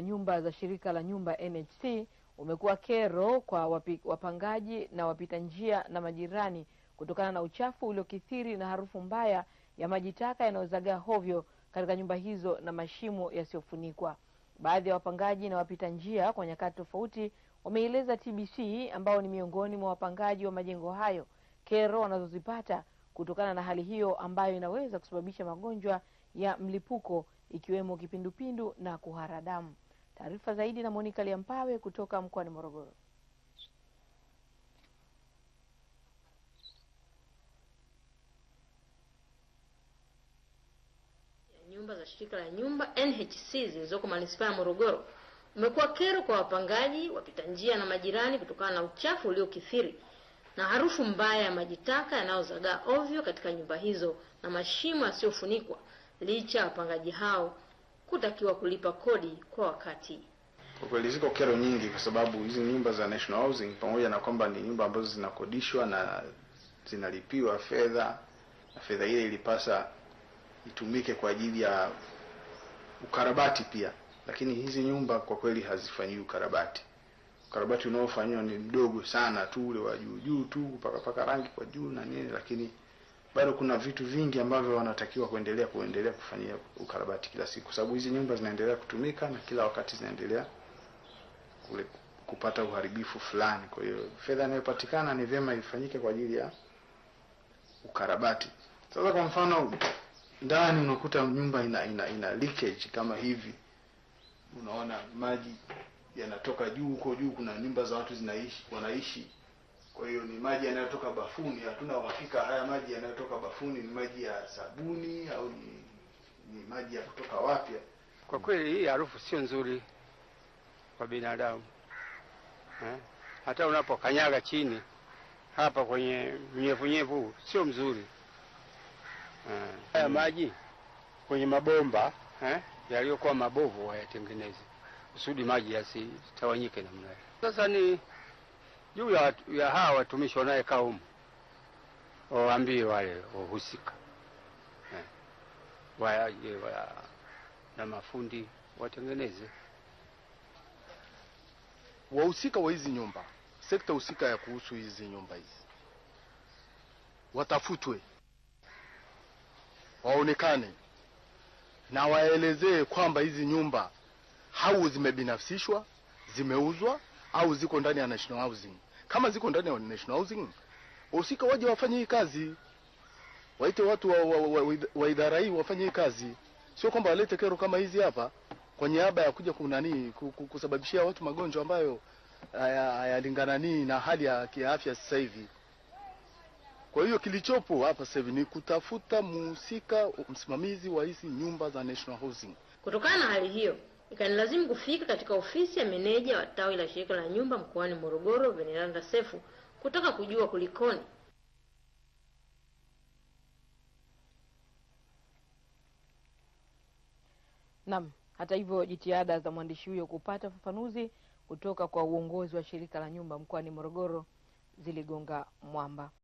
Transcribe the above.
Nyumba za shirika la nyumba NHC umekuwa kero kwa wapi, wapangaji na wapita njia na majirani kutokana na uchafu uliokithiri na harufu mbaya ya maji taka yanayozagaa hovyo katika nyumba hizo na mashimo yasiyofunikwa. Baadhi ya wapangaji na wapita njia kwa nyakati tofauti wameeleza TBC, ambao ni miongoni mwa wapangaji wa majengo hayo, kero wanazozipata kutokana na hali hiyo ambayo inaweza kusababisha magonjwa ya mlipuko ikiwemo kipindupindu na kuhara damu. Taarifa zaidi na Monica Liampawe kutoka mkoani Morogoro. Nyumba za shirika la nyumba NHC zilizoko manispaa ya Morogoro umekuwa kero kwa wapangaji, wapita njia na majirani kutokana na uchafu uliokithiri na harufu mbaya ya maji taka yanayozagaa ovyo katika nyumba hizo na mashimo yasiyofunikwa, licha ya wapangaji hao kutakiwa kulipa kodi kwa wakati. Kwa kweli ziko kero nyingi, kwa sababu hizi nyumba za National Housing pamoja na kwamba ni nyumba ambazo zinakodishwa na zinalipiwa fedha, na fedha ile ilipasa itumike kwa ajili ya ukarabati pia, lakini hizi nyumba kwa kweli hazifanyiwi ukarabati. Ukarabati unaofanywa ni mdogo sana tu, ule wa juu juu tu, paka paka rangi kwa juu na nini, lakini bado kuna vitu vingi ambavyo wanatakiwa kuendelea kuendelea kufanyia ukarabati kila siku, kwa sababu hizi nyumba zinaendelea kutumika na kila wakati zinaendelea kule kupata uharibifu fulani. Kwa hiyo fedha inayopatikana ni vyema ifanyike kwa ajili ya ukarabati. Sasa kwa mfano, ndani unakuta nyumba ina, ina, ina leakage kama hivi, unaona maji yanatoka juu huko juu, kuna nyumba za watu zinaishi wanaishi kwa hiyo ni maji yanayotoka bafuni. Hatuna uhakika haya maji yanayotoka bafuni ni maji ya sabuni au ni, ni maji ya kutoka wapi. Kwa kweli hii harufu sio nzuri kwa binadamu eh? Hata unapokanyaga chini hapa kwenye unyevunyevu sio mzuri eh. Haya maji kwenye mabomba eh, yaliyokuwa mabovu wayatengeneze kusudi maji yasitawanyike namna hiyo. Sasa ni juu ya, ya hawa watumishi wanayekaa humu, wawaambie wale wahusika eh, waje wa, na mafundi watengeneze wahusika wa hizi nyumba, sekta husika ya kuhusu hizi nyumba hizi watafutwe, waonekane na waelezee kwamba hizi nyumba hau zimebinafsishwa, zimeuzwa au ziko ndani ya National Housing. Kama ziko ndani ya National Housing, usika waje wafanye hii kazi, waite watu wa, wa, wa, wa, idara hii wafanye hii kazi, sio kwamba walete kero kama hizi hapa kwa niaba ya kuja kunani kusababishia watu magonjwa ambayo hayalingana ni na hali ya kiafya sasa hivi. Kwa hiyo kilichopo hapa sasa hivi ni kutafuta muhusika, msimamizi wa hizi nyumba za National Housing. Kutokana na hali hiyo Ikanilazimu kufika katika ofisi ya meneja wa tawi la shirika la nyumba mkoani Morogoro, Veneranda Sefu, kutaka kujua kulikoni. Naam, hata hivyo jitihada za mwandishi huyo kupata ufafanuzi kutoka kwa uongozi wa shirika la nyumba mkoani Morogoro ziligonga mwamba.